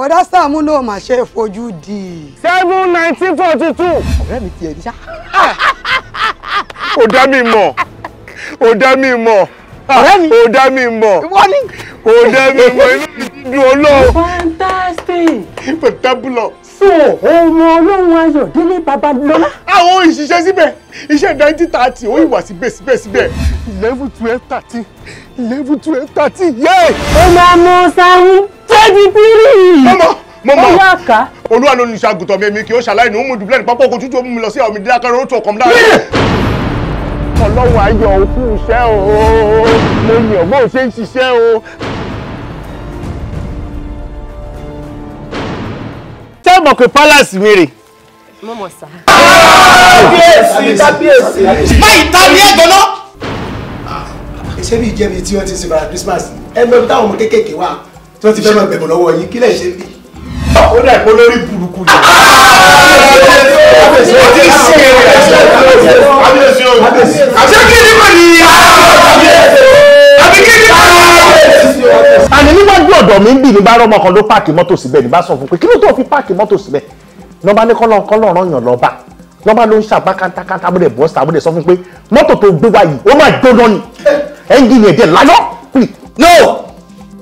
bọ̀dá sàmú náà mà ṣe fojú di. seven nineteen forty two. ọ̀rẹ́ mi tiẹ̀ ní sá. ò dá mi mọ̀ ò dá mi mọ̀ ọ̀rẹ́ mi ò dá mi mọ̀ ò dá mi mọ̀ inú mi ti dùn ọlọ́run. fantastic. pẹ̀tàbùlọ̀. so ọmọ ọlọ́run ayọ̀ délé babalọ́lá. àwọn ò ṣiṣẹ́ síbẹ̀ iṣẹ́ nineteen thirty ó ìwà síbẹ̀ síbẹ̀ eleven twelve thirty eleven twelve thirty yẹ́ẹ̀. ó sáwọn twenty three. mọ́mọ́ mọ́mọ́ ọ̀yá àká. olúwa ló ní ìṣàgùtọ̀ mi èmi kì í ṣàlàyé nínú mùdùbílẹ̀ ní pápá òkòtútù omi mi lọ sí àwọn òmìnira kan lórí tó kàn mí lára. ọlọ́wọ́ ayọ̀ òkú iṣẹ́ o mo yàn bó ṣe ń ṣiṣẹ́ o. tẹ́ mọ̀ pé palace mi rè. mo mọ̀ sá. kábíyèsí kábíyèsí. má ìtàlẹ́ ẹ̀gbọ́n náà. Ah, ṣé bí ìjẹ́bi tí wọ́n ti ṣe fara Christmas ẹgbẹ́ táwọn ọmọ kéékèèké wà tí wọ́n ti fẹ́ máa gbẹ̀bọ̀ lọ́wọ́ yín kí lẹ̀ ṣe bí. ó dà pé olórí burúkú ni. àbẹ̀sí ọ̀hún àbẹ̀sí ọ̀hún àbẹ̀sí kí ni mo ní àbí kí ni mo ọ̀dọ̀ mi ń bì ní bá rọ́mọ kan ló páàkì mọ́tò síbẹ̀ ní bá sọ fún pé kí ló tó fi páàkì mọ́tò síbẹ̀ lọ́ba ní kọ́lọ́ kọ́lọ́ rán lọ́ba lọ́ba ló ń ṣàgbá kántákántá abúlé bọ́sà abúlé sọ fún pé mọ́tò tó gbé wáyé ó máa jóná ni eh. ẹ́ńgìnì ẹ̀dẹ̀ láyọ̀ no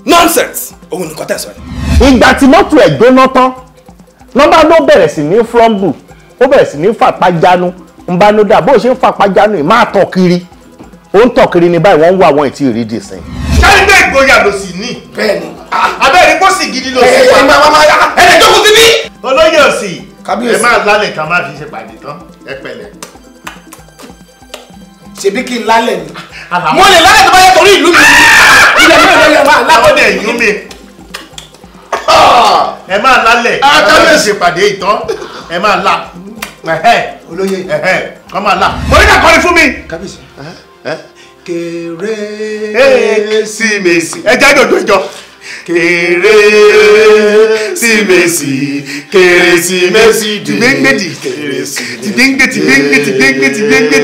nonsense òun nìkan tẹ̀sán yẹn. ìgbà tí mọ́tò ẹ̀ gbóná tán nọ́mbà ló bẹ̀rẹ̀ sí ní frọ́mbù ó bẹ̀rẹ̀ sí ní fàpájánu ń bá ló dà bó ṣe ń fàpájánu ì máa tọ̀ kiri ó ń tọ̀ kiri ní báyìí wọ́n ń wá àwọn ìtì ìrídìí sí. ṣáìdé ìgboyà ló sì ní. bẹ́ẹ̀ni abẹ́rẹ́ kó sì gidi ló sì wá. ẹ̀ẹ́dẹ́gbẹ̀rún ti bí. olóyè òsì ẹ máa lálẹ́ ká má fi ṣe pàdé tán ẹ pẹ̀lẹ́ ṣebí kí n lálẹ̀ ni mo lè lálẹ̀ tó bá yẹ torí ìlú mi ilẹ̀ mi ò lè máa lákọ̀dẹ̀ ìlú mi. Ah! ẹ máa lálẹ̀ ah, akábíyèsí pàdé ìtàn ẹ máa là olóye kọ́ máa là. mo ní ká kọrin fún mi. kábíyèsí ẹ jẹ́ àjọ̀dún ìjọ kérésìmesì kérésìmesì dé kérésìmesì dé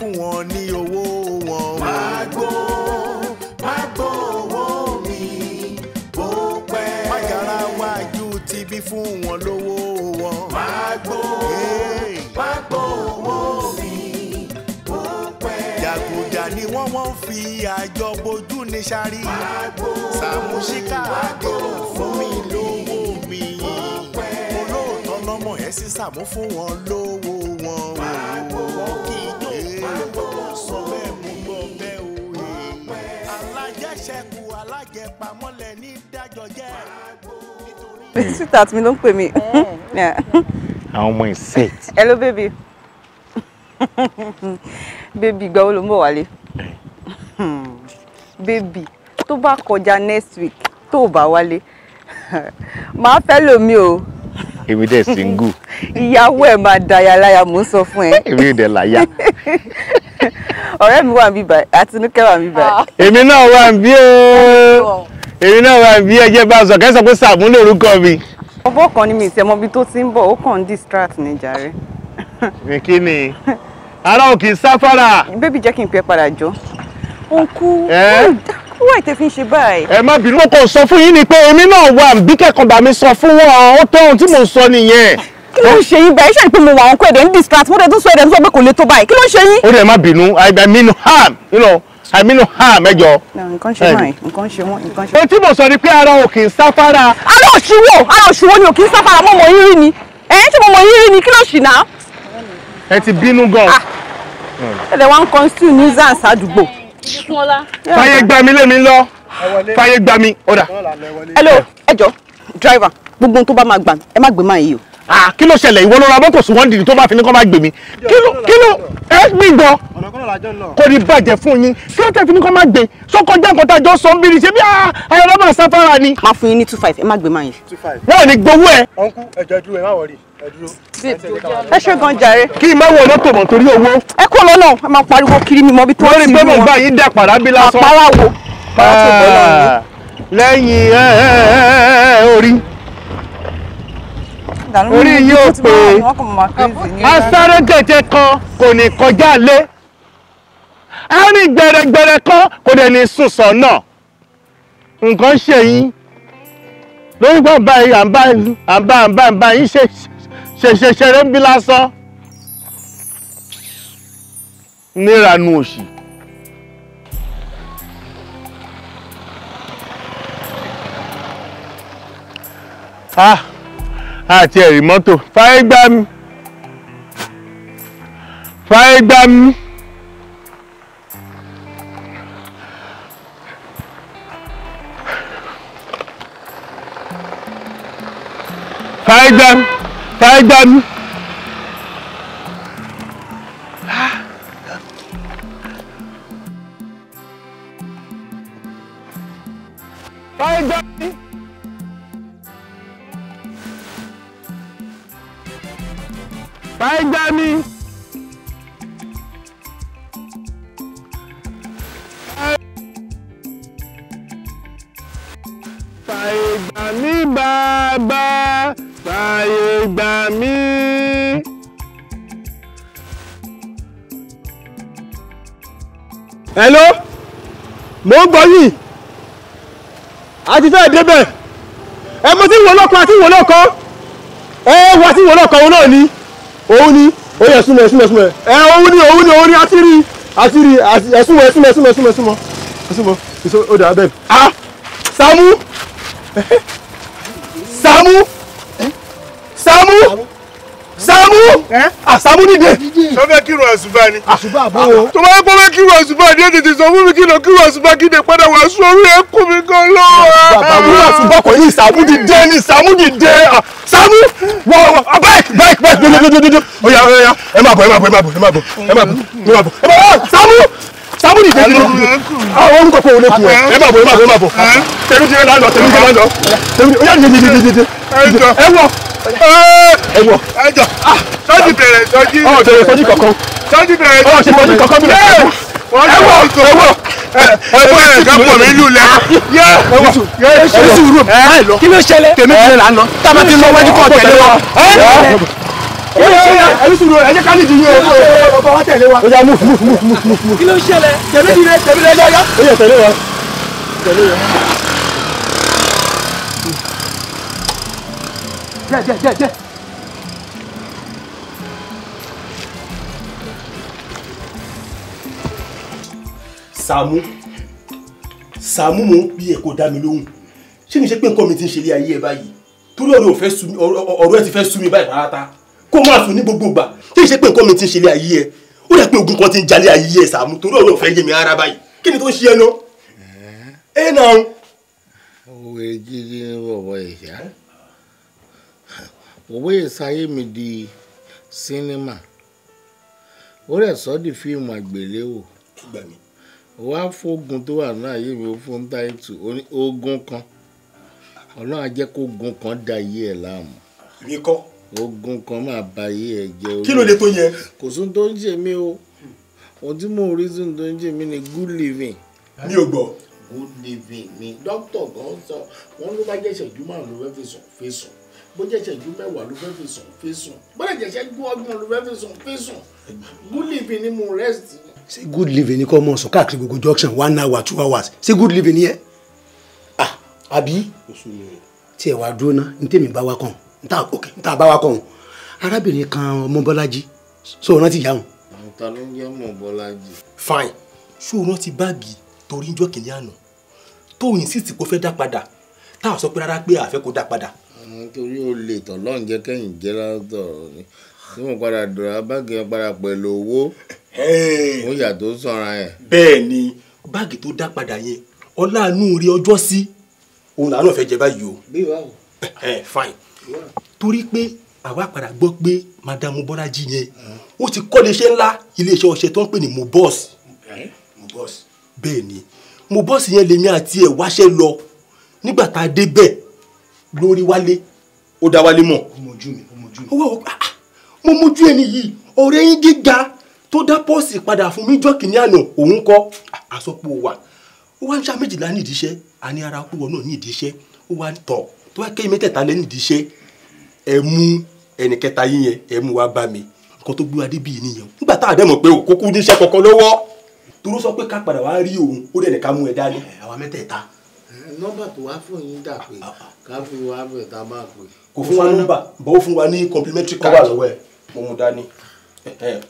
fún wọn ní owó wọn. Magbo Magbo owó mi bó pẹ́. Mágara wájú ti bí fún wọn lówó wọn. Magbo Magbo owó mi bó pẹ́. Jàgùjà ni wọ́n wọ́n fi àjọ bojú ní sáré. Magbo Sàmúsíkà àjọ fún mi lówó mi. Olóòótọ́ lọ́mọ ẹ̀ sísàmú fún wọn lówó. Sit sweetheart mi ló ń pè mí. àwọn ọmọ set. hello baby baby go home, ló baby tó bá kọjá next week tó o bá wálé màá fẹ́ lómi o. èmi dẹ̀ single. ìyàwó ẹ̀ máa dayà ya mò ń sọ fún ẹ. èmi ò dẹ̀ ọ̀rẹ́ mi wà ń bí báyìí àti Nùkẹ́ wà ń bí báyìí. Ah. èmi náà wà ń bí ooo èmi náà wà ń bí ẹjẹ bá sọ kẹsàn pé Sàámú lórúkọ mi. ọbọ kan ni mi ìṣe ọmọbi tó ti ń bọ̀ ó kàn ń distract ní jàre. mi kí ni ara ò kì í sáfárà. bébì jẹ́ kí n pẹ́ padà jọ. òǹkú wọ́n ètè fi ń ṣe báyìí. ẹ má bínú kò sọ fún yín ni pé èmi náà wà bí kẹ́kọ̀ọ́ bá mi sọ fún wọn ó tó ohun tí mò ń sọ nìyẹn kí ló ń ṣe yín bẹ́ẹ̀ ṣe pé mo wà wọn kó ẹ̀dẹ̀ ń distract mo dẹ̀ tún sọ ẹ̀dẹ̀ ń sọ pé kò lè tó báyìí kí ló ń ṣe yín. ó dẹ̀ má bínú I mean harm you know I mean harm ẹjọ. nǹkan ṣe wọ́n nǹkan ṣe wọ́n nǹkan ṣe wọ́n. etí mo sọ ni pé ara ò kì í sáfárà. ara òṣìwò ara òṣìwò ni ò kì í sáfárà mo mọ yín rí ni ẹ ṣe mo mọ yín rí ni kí ló ṣì ná. ẹ ti bínú gan. Ah. ẹ lè wá ń kan stew ní zans àdúgbò. fàyè gbà mí lèmi lọ fàyè gbà mí ọ̀dà. hello ẹjọ driver gbogbo ohun tó bá máa gbà ẹ má gbé máa yìí o ah kí ló ṣẹlẹ̀ ìwọ ló ra mọ́tò sí wọ́n dìrì tó bá fi ní kọ́ bá gbè mí kí ló kí ló ẹ mi gbọ́ kò ní bàjẹ́ fún yín kí ló tẹ̀ fi ní kọ́ má gbé sọ́kọjá nǹkan tá a jọ sọ ń bìrì ṣe bí ayọ̀ ah, lọ́mọ sáfárà ni. máa fún yín ní two five ẹ má gbé máa yẹn. wọn ò ní gbowó ẹ. ọ̀nkú ẹ̀jọ̀ dúró ẹ má wọrí ẹ ṣe gan jàre. kí n má wọ mọ́tò mọ̀ torí owó. ẹ kó lọ́nà ẹ máa pariwo kiri mi mọ́ bí tó ń sinmi wọn. lórí pé mo gbà yín dà pàrà bí lásán orí yóò pé asáré jẹjẹ kan kò ní kọjá lé ẹni gbẹrẹgbẹrẹ kan kò dẹ̀ ní sùn sọ́nà nǹkan ṣe yín lórí gbọ́n báyìí àǹbá àǹbá àǹbá àǹbá yín ṣe ṣe ṣeré ń bí lásán níranu òṣì. Ah! àti ẹ̀rí mọ́tò fáyé gbá mi fáyé gbá mi. fáyé gbá mi fáyé gbá mi. Fáyé gbá Báyìí gbá mi. Fàyè gbà mí bàbá, fàyè Hello, mò ń gbọ́ yìí, a ti fẹ́ débẹ̀, ẹ mo ti wò lọ́kọ̀ àti wò lọ́kọ̀, ẹ wà sí wò lọ́kọ̀ òun náà ni òun ni ó yẹ súnmọ́ ẹ súnmọ́ súnmọ́ ẹ òun ni òun ni òun ni àti rí àti rí ẹ súnmọ́ ẹ súnmọ́ súnmọ́ súnmọ́ súnmọ́ súnmọ́ èso ó dà bẹ́ẹ̀ ah Samu. Samu. Samu. Samu, Sàámú àsàmú nídìí. sọ fẹ́ kírun àṣùbà ni. àṣùbà bó o. tó bá yẹ kó fẹ́ kírun àṣùbà ni ètò ìsọ fún mi kí lọ kírun àṣùbà kí lè padà wá sún orí ẹkún mi gan lọ. bàbá mi àṣùbà kò ní Sàámú dìde ní Sàámú dìde Sàámú wọ wọ báyìí báyìí báyìí dododododo oya oya ẹ má bọ ẹ má bọ ẹ má bọ ẹ má bọ ẹ má bọ ẹ má bọ ẹ má bọ Sàámú ah, Sàámú dìde dìde ah, àwọn orúkọ kò wọlé kù ẹ ẹ má bọ ẹ má bọ ẹ má bọ tẹnu ti rẹ lánàá tẹnu ti rẹ lánàá tẹnu ti rẹ lánàá tẹnu ti rẹ lánàá ẹ wọ ẹwọ ẹjọ sọjí bẹ̀rẹ̀ sọjí ọ bẹ̀rẹ̀ sọjí kankan sọjí bẹ̀rẹ̀ ọ ṣe sọjí kankan mi rẹ ẹwọ ẹwọ ẹwọ ẹ kápọ̀ mi lù lẹ yẹ ẹwọ ẹ sùúrù ẹ kí ló ṣẹlẹ̀ tèmi tèmi là ń lọ tábà ti lọ wájú kọ tẹ̀lé wa kí ló ṣẹlẹ̀ ẹ sùúrù ẹ jẹ́ ká nídìí yín o bàbá wa tẹ̀lé wa. oya move move move move move. kí ló ṣẹlẹ̀ tèmi tèmi tèmi lẹ́jọ́ yá. ó yẹ tẹ̀lé wa tẹ̀lé wa. díẹ̀ díẹ̀ díẹ̀ díẹ̀. Sàámú Sàámú mò ń bí ẹ kò dá mi lóhùn ṣé kìí ṣe pé nǹkan mi ti ń ṣe ilé ayé ẹ báyìí torí ọ̀rọ̀ ò fẹ́ sú mi ọ̀rọ̀ ẹ ti fẹ́ sú mi báyìí pàápàá kó máa sùn ní gbogbo ìgbà ṣé kìí ṣe pé nǹkan mi ti ń ṣe ilé ayé ẹ ó dẹ̀ pé ogun kan ti ń jalè ayé ẹ Sàámú torí ọ̀rọ̀ ò mi ara báyìí kí ni tó ń ṣe ẹ náà ẹ náà. òwe jíjí ń bọ̀ wọ ìyá òwe ìsayé mi di sinima ó rẹ̀ sọ́ di fíìmù àgbéléwò wá fógun tó wà náà yé mi ó fún táìtù ogun kan ọlọ́run á jẹ́ kó ogun kan da ayé ẹ̀ láàmú. mi kọ́. ogun kan máa ba ayé ẹ̀ jẹ́ orí. kí ló dé tó yẹn. kò sóhun tó ń jẹ mí o ohun tí mo rí sóhun tó ń jẹ mí ni good living. mi ò gbọ́. good living ni dókítà gan sọ wọn ló bá jẹ́ ìṣẹ́jú márùn-ún ló fẹ́ fi sùn fi sùn bó jẹ́ ìṣẹ́jú mẹ́wàá ló fẹ́ fi sùn fi sùn bó lè jẹ́ ìṣẹ́jú ọgbọ̀n ló fẹ́ fi sùn fi sùn good living ni mo rest. ṣé good living ni kò mọ̀ sùn káàkiri gbogbo junction one hour two hours ṣé good living yẹn ah àbí tí ẹ wá dúró ná ní tèmi bá wa kàn níta ok níta bá wa kàn o arábìnrin kan ọmọ bọ́lájí ṣó o rántí ìyá wọn. ta ló ń jẹ́ ọmọ bọ́lájí. fine ṣó o rántí báàgì torí ń jọ́ kìnìún àná tó o insist kó fẹ́ dá padà táwọn sọ pé rárá pé àfẹ́ kó dá padà nítorí o lè tọ̀ lọ́n jẹ́ kẹ́yìn jẹ́ látọ̀ ni tí mo padà dọ̀rọ̀ báàgì yẹn padà pẹ̀lú owó mo yà tó sanra yẹn. bẹ́ẹ̀ ni báàgì tó dá padà yẹn ọláàánú rí ọjọ́ sí òun làánú fẹ́ jẹ báyìí o. bí wàá ẹ fine torí pé àwa padà gbọ́ pé madamu bọ́lájí yẹn ó ti kọ́ iléeṣẹ́ ńlá iléeṣẹ́ ọṣẹ tó ń pè ní mo boss bẹ́ẹ̀ ni mo boss yẹn lèmi àti ẹ̀ wáṣẹ́ lọ nígbà tá a débẹ̀ lórí wálé ó dá wálé mọ̀. ó mi ó mojú mi. owó ah, ah, mo mojú ẹni yìí ọ̀rẹ́ yín gíga tó dá pọ́ọ̀sì padà fún mi jọ́ kìíní àná òun kọ́ àsọpọ̀ ah, wà ó wá ń ṣá méjìlá ní ìdíṣẹ́ àní ara púpọ̀ náà ní ìdíṣẹ́ ó wá ń tọ̀ tó wá kéyìn mẹ́tẹ̀ẹ̀ta lẹ́ ní ìdíṣẹ́ ẹ mú ẹnì kẹta yín yẹn ẹ mú wá bá mi nǹkan tó gbé wa débi yìí nìyẹn nígbà tá a dẹ̀ mọ̀ pé òkókó níṣẹ́ kankan lọ́wọ́ toró sọ pé ká padà wá rí òun ó dẹ̀ nìkan mú ẹ dání. àwa mẹ́tẹ̀ẹ̀ta nọ́mbà tó wá fún yín dà pé ká fi wá bẹ̀ tá a bá pè. kò fún wa nọ́mbà bó fún wa ní complimentary card lọ́wọ́ ẹ̀ mo mú dání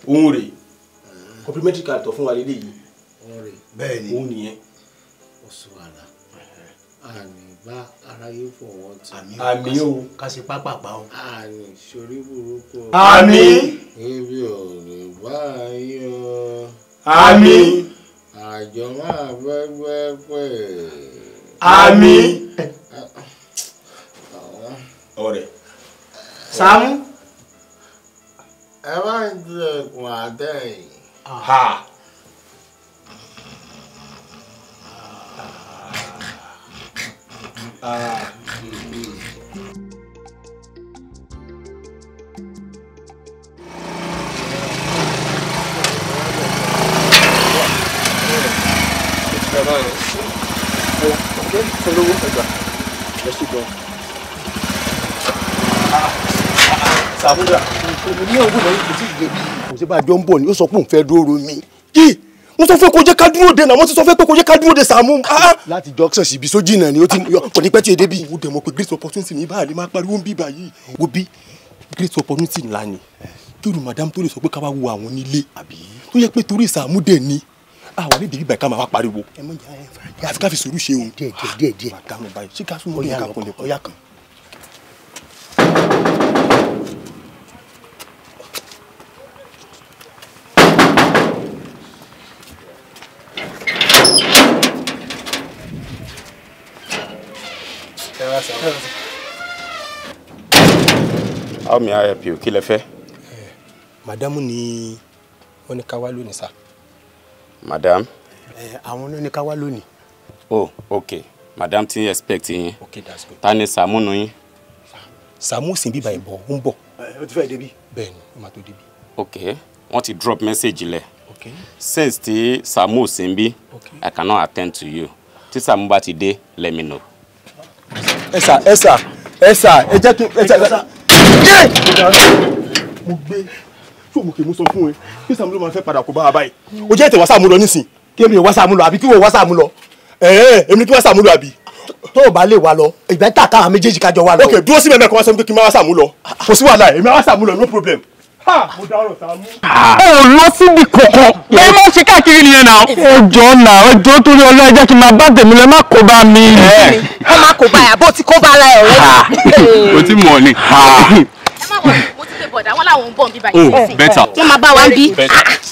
òun rèé complimentary card tó fún wa lédè yìí bẹ́ẹ̀ ni òun nìyẹn. ọ̀sùn àlà àmì bá aráyé fọwọ́ tì. àmì o kàṣí pápápá o. àmì sori burúkú. àmì. ibi ò lè bá àmì. àjọ máa fẹ́ gbẹ́ pẹ́ àmín. ọ̀rẹ́. Sàámú. àjọ ń bọ̀ ni ó sọ pé òun fẹ́ dúró mi yìí mo sọ fẹ́ kó jẹ́ ká dúró de náà mo ti sọ fẹ́ kó jẹ́ ká dúró de Sàámú. Ah, ah. láti junction sí ibi sójì náà ni ó ti yọ kò ní pẹ́ tí èdè bí. mo dẹ̀ pé great opportunity ní báyìí máa pariwo ń bí báyìí. wo bí great opportunity ńlá ni kí olú madam tó lè sọ pé ká wá wo àwọn nílé tó yẹ pé torí Sàámú dẹ̀ ni àwọn nídìí bíbá ká máa wá pariwo. àfi ká fi ṣe òun. díẹ̀ díẹ̀ díẹ̀ díẹ̀. Ah, how may I help you kí lẹ fẹ́. màdámù ni wọ́n ní ká wá lónìí sá. madam. Eh, àwọn ló ní Kawaluni. oh okay madam ti expect yín okay, ta ni sàmú nu yín. Samu sì ń bíbá ẹ̀ bọ̀ ó ń bọ̀. Eh, ó ti fẹ́ débi. bẹ́ẹ̀ni ó máa tó débi. okay wọ́n ti drop message le? Okay. since ti Samu sì ń bí i cannot attend to you tí Samu bá ti dé let me know ẹ̀sà ẹ̀sà ẹ̀sà ẹ jẹ́ kí ẹ̀sà mo gbé tí òmùkè mo sọ fún ẹ kí sàmú ló máa fẹ́ padà kó bá wa báyìí o jẹ́ ètè wàsàmù lọ nísìn kí èmi wàsàmù lọ àbí kí wọ́n wàsàmù lọ ẹ̀ẹ́ èmi kí wàsàmù lọ àbí. tó o bá lè wa lọ ìgbẹ́ tà káwọn méjèèjì kájọ wa lọ. ok dúró sí mẹ́mẹ́ wá sọ fún mi kí n má wàsàmù lọ ah, ah. kò sí wàhálà èmi ó lọ síbi kọ̀kọ́ ẹ mọ̀ ṣe káàkiri nìyẹn náà. ọjọ́ náà ọjọ́ torí ọlọ́ ẹ jẹ́ kí n máa bá tèmi lọ má kó bá mi. ẹ má kó bá yà bó ti kó bá ara ẹ o ti mọ̀ ni. ẹ má wọ̀ Oh, better. wọn làwọn ń bọ̀ bí better.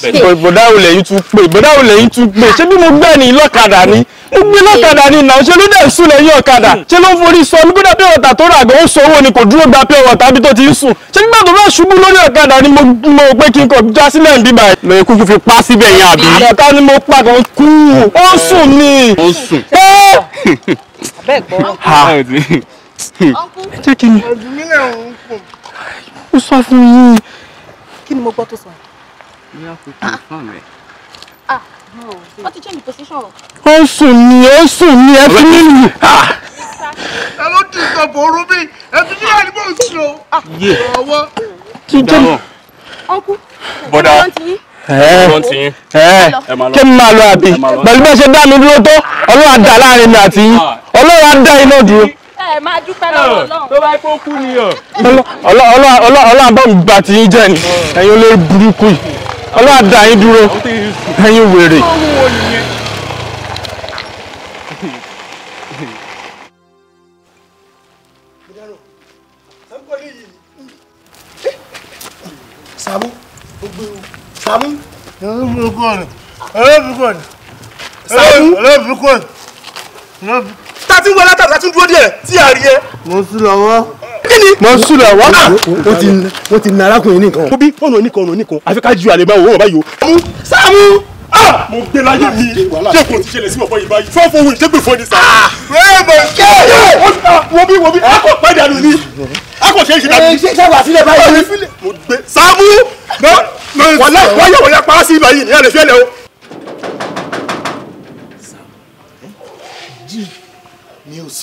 But that will let you to, ń bí. bọ̀dá ò lẹ́yìn tún pé bọ̀dá ò lẹ́yìn tún pé ṣé bí mo gbẹ́ ni lọ́kadà ni mo gbé lọ́kadà ni nà ṣe ló dẹ̀ sùn lẹ́yìn ọ̀kadà ṣé ló ń forí sọ ní kódà pé ọ̀tà tó rà gan ó sanwó ni kò dúró gba pé ọ̀tà bí tó ti ń sùn ṣé nígbà tó bá ṣubú lórí ọ̀kadà ni mo pé kí n kò já sílẹ̀ ń bíbà yìí. lóye kúkú fi pa síbẹ̀ yẹn àbí. ọ̀tá ni mo pa kan kú ó sùn ni. ó sùn. ẹ jẹ́ kí Uncle, ọ̀dùnmílẹ̀ òun kò mo sọ fún yín. kí ni mo gbọ́ tó sọ yìí. ní àkókò fáwọn rẹ. ah no ti change position. ó sùn ni ó sùn ni ẹ fi mí lù. Ah! ẹ ló ti sọ bòrú mi ẹ fi mí àdìbò sí o. Ah, ọwọ́. jíjẹ́ ọkú bọ́dà kí n máa lọ àbí pẹ̀lú bẹ́ẹ̀ ṣe dá mi dúró tó ọlọ́run á dá láàrin mi àti yín ah. ọlọ́run á iná dúró ẹ máa dúpẹ́ lọ́wọ́ Ọlọ́run. tó bá kó kú ni o. ọlọ́run bá mi gbà tí yín jẹ́ ni ẹ̀yin olórí burúkú yìí ọlọ́run dá yín dúró ẹ̀yin wèrè. Sàámú Sàámú olóòbí kò ní olóòbí kò ní olóòbí kò ní ta ti ń wẹ látàrí ta ti ń dúró díẹ̀ tí a rí ẹ. mo ń sùn lọ́wọ́. kí ni. mo ń sùn lọ́wọ́. wọ́n ah! ti nara kun yín nìkan. mo bí ọ̀nà oníkan ọ̀nà oníkan àfi ká ju àlè báwo wọ́n bá yọ. Sàámú Sàámú ah! mo gbé láyé mi ṣé kò ti ṣẹlẹ̀ sí ọ̀bọ ìbáyìí fún ọ̀fọ̀ òun ìṣègbè fún ẹni sáà. rẹ́ẹ̀mọ̀ ah! kéèyàn wo bí wo bí a kò pàdánù ni a kò ṣe é ṣe dàbí. ṣé ṣàgbà sílẹ̀ báyìí. mo gbé Sàámú wọ́n yà wọ́n yà pa á sí ìbáyìí ní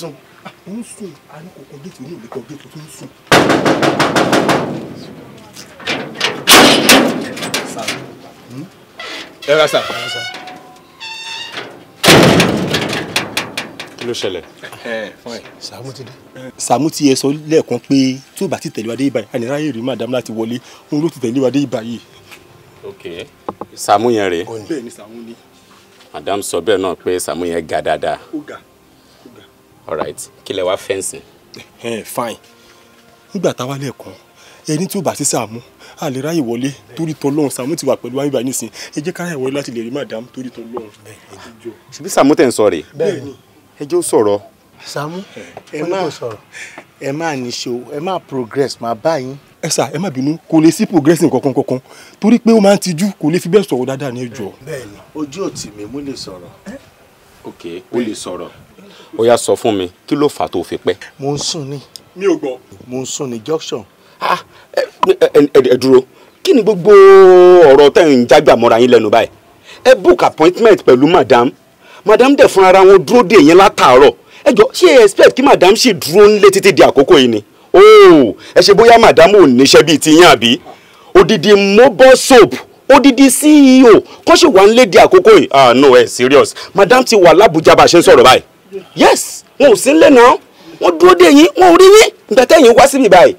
sùn ah, ó ń sùn àníkòkò géètì òun ò lè kọ géètì tó ń sùn. Hmm? ẹ ra sà. kí ló ṣẹlẹ̀. sàmú ti dé. sàmú ti yẹ sọ lẹ́ẹ̀kan pé tí ó bá ti tẹ̀lé wa dé ibà yìí àní ráyè rí màdàm láti wọlé òun ló ti tẹ̀lé wa dé ibà yìí. ok sàmú yẹn rèé. bẹ́ẹ̀ ni sàmú ni. màdàm sọ bẹ́ẹ̀ náà pé sàmú yẹn ga dáadáa. ó ga alright kí lẹ wá fẹ́ǹsì. Eh, fine nígbà táwa lẹ́ẹ̀kan ẹni tí ó bá sí Sàámú a lè ráyè wọlé torí tọlọ́run Sàámú ti wà pẹ̀lú wáyé báyìí nísìn ẹ jẹ́ ká ráyè láti lè rí madam torí tọlọ́run. ṣùgbọ́n Sàámú tẹ̀ ń sọ rèé ẹ jẹ́ ó sọ̀rọ̀. Sàámú ẹ máa sọ̀rọ̀ ẹ máa níṣó ẹ máa progress máa bá yín. ẹ sà ẹ má bínú kò lè sí progressing kankan kankan torí pé ó máa ń tijú kò lè fi bẹ́ẹ̀ sọ̀rọ̀ dáadáa ní ẹjọ́. bẹ́ẹ̀ni ojú ò tì mí lè sọ̀rọ̀. ok ó lè sọ̀rọ̀ ó yá sọ fún mi kí ló fà tó fi pẹ́. mo ń sùn ni. mi ò gbọ́. mo ń sùn ni junction. Ah, ẹ dúró kí ni gbogbo ọ̀rọ̀ tẹ̀ ń jágbà mọ́ra yín lẹ́nu báyìí ẹ book appointment pẹ̀lú madam madam dẹ̀ fún ara wọn dúró dè yín látàárọ̀ ẹ jọ ṣé ẹ expect kí madam ṣì dúró nílé títí di àkókò yìí ni ooo ẹ ṣe bóyá madam ò níṣẹ́ bíi tiyín àbí odidi mobile soap odidi ceo kọ́ ṣì wà ń lé di àkókò yìí ah no ẹ serious madam ti wà lábújá bá a ṣe ń sọ̀rọ̀ báyìí yes wọn ò sí náà wọn dúró dé yín wọn ò rí yín nígbà tẹ́yìn wá síbi báyìí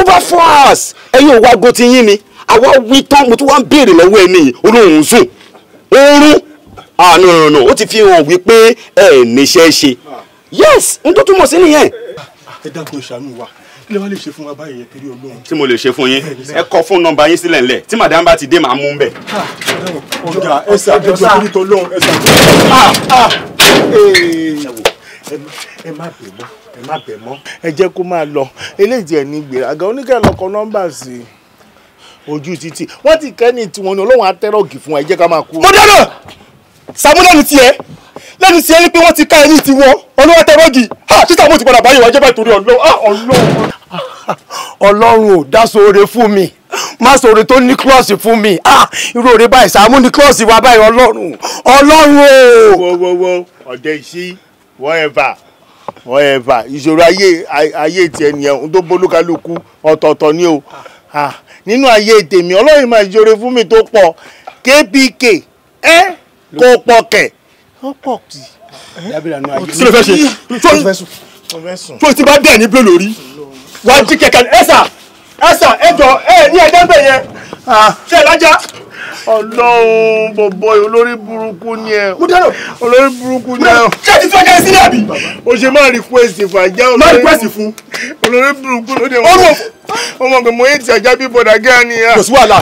over four hours ẹ̀yin ò wá go ti yín àwa wí tán mo tún wá ń béèrè oorun ti fi hàn yes n tó túmọ̀ kí lè wá lè ṣe fún wa báyìí yẹn torí Ọlọ́run. tí mo lè ṣe fún yín ẹ kọ fún nọ́mbà yín sílẹ̀ ńlẹ̀ tí madam bá ti dé màá mú un bẹ̀. Ah, ọjà ẹsẹ àjọjọ torí tọlọ́run ẹsẹ àjọjọ. Ah, ah. Eh, ẹ má bẹ̀ mọ́ ẹ má bẹ̀ mọ́ ẹ jẹ́ kó máa lọ eléyìí tiẹ̀ ní gbèrágà oníkẹ́lọ́kọ nọ́mbà sí i ojú títì wọ́n ti kẹ́ni tiwọn ni Ọlọ́run á tẹ́rọ̀gì fún ẹ jẹ́ ká máa kú. mo dáná Sàmúlẹ̀ ni lẹ́nu sí ẹni pé wọ́n ti ká ẹni ti wọ́ olówó tẹ́rọ́gì títà mo ti padà báyìí wájú báyìí torí ọlọ́run. Ah, ọlọ́run ò dá sóore fún mi má sóore tó ní kílọ̀sì fún mi ah, irú òre báyìí sàmú ní kílọ̀sì wa báyìí ọlọ́run ọlọ́run o. wọ́wọ́wọ́ ọ̀dẹ ìṣí whatever whatever ìṣòro ayé ayé tiẹ̀ nìyẹn ohun tó bólúkálukú ọ̀tọ̀ọ̀tọ̀ ni o ah, nínú ayé tèmi ọlọ́run máa ìṣòro fún mi tó pọ̀ kpk ẹ kó pọ̀ kẹ̀ wọ́n pọ̀ kì í. kí ló fẹ́ ṣe tó ti bá dẹ̀ ní bẹ́ẹ̀ lórí wá jí kẹ̀kẹ́ ẹ̀sà ẹ̀sà ẹ̀jọ̀ ẹ̀ ní ẹ̀jẹ̀ bẹ̀ yẹn ṣe é lájà. ọlọ́run bọ̀bọ̀ olórí burúkú ni ẹ olórí burúkú ni ẹ. ṣé ti fẹ́ kẹ́ sí àbí. o ṣe máa request fàájà olórí máa request fún. olórí burúkú ló dé wọn. ọmọ gbẹmọ yìí ti àjà bí bọ̀dà gẹ́gẹ́ ni. kò sí wàhálà.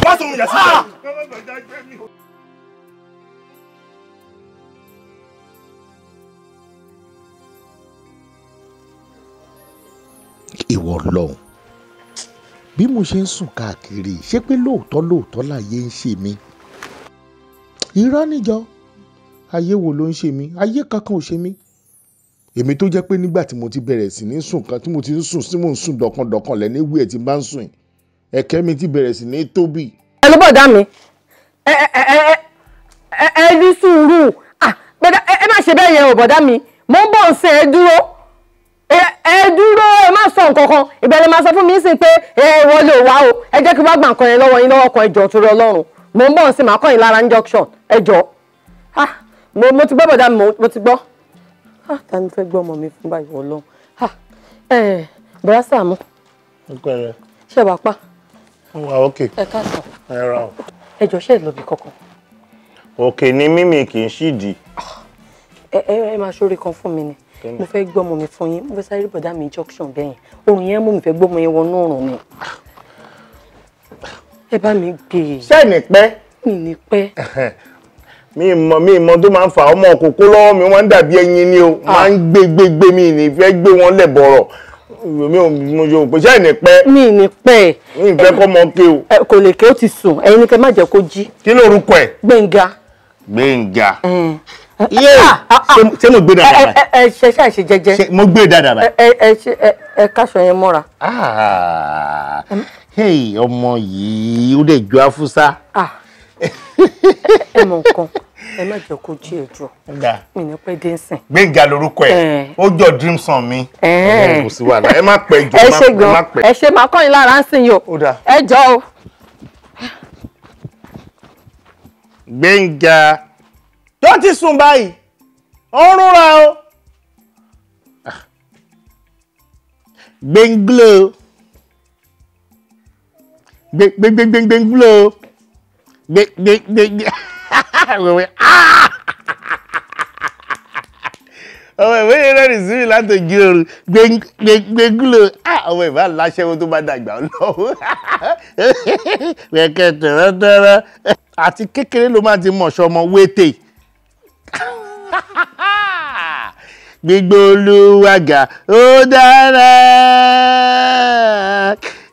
ìwọ Ọlọ́run bí mo ṣe ń sùn káàkiri ṣé pé lóòótọ́ lóòótọ́ láàyè ń ṣe mí irọ́ níjọ ayé wo ló ń ṣe mí ayé kankan ò ṣe mí èmi tó jẹ́ pé nígbà tí mo ti bẹ̀rẹ̀ sí ní sùn kan tí mo ti ń sùn tí mò ń sùn dọ̀kandọ̀kan lẹ̀ ní wíwẹ̀ tí bá ń sùn ẹ̀kẹ́ mi ti bẹ̀rẹ̀ sí ní tóbi. ẹ ló bọ̀ dá mi ẹ ẹ ẹ ẹ ní sùúrù ẹ má ṣe bẹ́ẹ̀ yẹn ò mi mò ń bọ̀ ń sẹ́ ẹ dúró ẹ dúró ẹ má sọ nǹkan kan ìbẹ̀rẹ̀ máa sọ fún mi sí pé ẹ wọlé ò wá o ẹ jẹ́ kí wọ́n gbà nǹkan yẹn lọ́wọ́ yín lọ́wọ́ kan ẹjọ́ tó rọ lọ́rùn mò ń bọ̀ sí màá kọ́ yín lára injunction ẹjọ́ ah, mo ti gbọ́ bọ̀dá mi mo ti gbọ́ ah, ta ni fẹ́ gbọ́ ọmọ mi fún báyìí ọlọ́run ah, bọ̀dá Sàámú ṣe wàá pa ẹ káàsán ẹjọ́ ṣe lọ́bì kankan. òkè ni mímì kì í ṣídìí. ẹ ẹ máa ṣoore kan fún mi ni mo fẹ́ gbọ́mọ mi fún yín mo fẹ́ sáré bọ̀dá mi junction bẹ́yìn òrùn yẹn mú mi fẹ́ gbọ́mọ yẹn wọnú ọ̀rùn ni ẹ bá mi gbé e. sẹ́ẹ̀nì pẹ́. mi ní pẹ́. mi mọ mi mọ tó máa ń fa ọmọ kókó lọ́wọ́ mi wọ́n dàbí ẹyin ni o ah. máa ń gbé gbé gbé mi ní fẹ́ gbé wọn lẹ̀ bọ̀rọ̀ mi ò mo yóò pé sẹ́ẹ̀nì pẹ́. mi ní pẹ́. mi fẹ́ kọ́ mọ ké o. kò lè ké o ti sùn ẹ̀yin ni kẹ́ má jẹ́ kó jí. kí lórúkọ ẹ̀. Gbénga. Gbénga. Mm. Ah, ah, ah. ṣé mo gbé dáadáa eh, eh, báyìí. ẹ eh, ṣe ṣe àṣe jẹ́jẹ́. mo gbé dáadáa báyìí. ẹ ẹ ṣe ẹ káṣọ yẹn mọ́ra. ọmọ yìí ó dẹ̀ ju afúsá. ẹ mọ nǹkan ẹ má jẹ́ kó jí ẹ jọ mi ní pẹ́ dé sìn. gbẹ̀ngà lórúkọ ẹ̀ ó jọ dream song mi. kò sí wàhálà ẹ má pẹ́ jọ ẹ ṣe gan ẹ ṣe máa kọ́ yín lára ń sìn yìí o ẹ jọ o. gbẹ̀ngà tó ti sùn báyìí ó ń rúnra o gbẹ̀ngbẹ̀lẹ̀ ah. o gbẹ̀ngbẹ̀ngbẹ̀ngbẹ̀ngbẹ̀lẹ̀ o gbẹ̀ngbẹ̀ngbẹ̀ ọmọ ìwé yẹn rẹ́rìn sí mi látòjú ooru gbẹ̀ngbẹ̀ngbẹ̀lẹ̀ ọmọ ìbá láṣẹ́wó tó bá dàgbà lọ́wọ́ kẹ̀kẹ́ tẹ̀rẹ́tẹ̀rẹ́ àti kékeré ló máa ti mọ̀ ṣọmọ wétè gbígbó olúwàgà ó dára